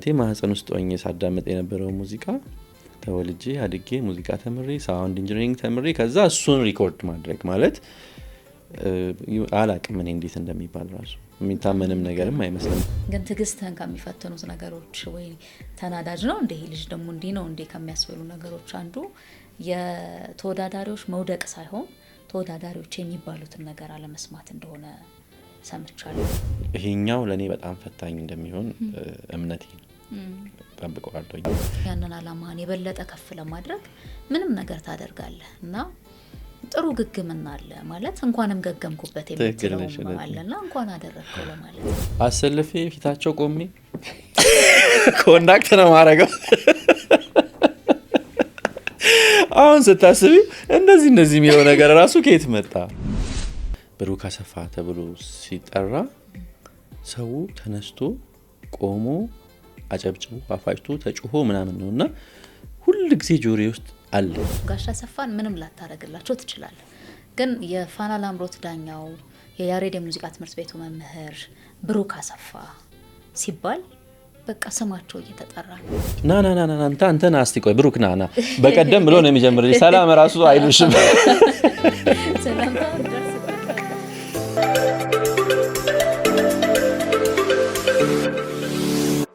እናቴ ማህፀን ውስጥ ሆኜ ሳዳምጥ የነበረው ሙዚቃ ተወልጄ አድጌ ሙዚቃ ተምሬ ሳውንድ ኢንጂኒሪንግ ተምሬ ከዛ እሱን ሪኮርድ ማድረግ ማለት አላቅም እኔ እንዴት እንደሚባል ራሱ የሚታመንም ነገርም አይመስልም። ግን ትግስትህን ከሚፈትኑት ነገሮች ወይ ተናዳጅ ነው እንደ ልጅ ደግሞ እንዲህ ነው እንዴ ከሚያስበሉ ነገሮች አንዱ የተወዳዳሪዎች መውደቅ ሳይሆን ተወዳዳሪዎች የሚባሉትን ነገር አለመስማት እንደሆነ ሰምቻለሁ። ይሄኛው ለእኔ በጣም ፈታኝ እንደሚሆን እምነቴ ነው። ጠብቀው አልቶኝ ያንን አላማህን የበለጠ ከፍ ለማድረግ ምንም ነገር ታደርጋለህ እና ጥሩ ግግምና አለ ማለት እንኳንም ገገምኩበት የምትለው አለና እንኳን አደረግከው ለማለት አሰልፌ ፊታቸው ቆሜ ኮንዳክት ነው ማድረገው። አሁን ስታስቢ እንደዚህ እንደዚህ የሚለው ነገር ራሱ ከየት መጣ? ብሩክ አሰፋ ተብሎ ሲጠራ ሰው ተነስቶ ቆሞ አጨብጭቦ አፋጭቶ ተጩሆ ምናምን ነው እና ሁል ጊዜ ጆሬ ውስጥ አለ። ጋሻ ሰፋን ምንም ላታረግላቸው ትችላለ፣ ግን የፋና ላምሮት ዳኛው የያሬድ የሙዚቃ ትምህርት ቤቱ መምህር ብሩክ አሰፋ ሲባል በቃ ስማቸው እየተጠራ ነው። ና ና ና አንተ አንተ ና እስቲ ቆይ ብሩክ ና ና። በቀደም ብሎ ነው የሚጀምር ሰላም ራሱ አይሉሽም።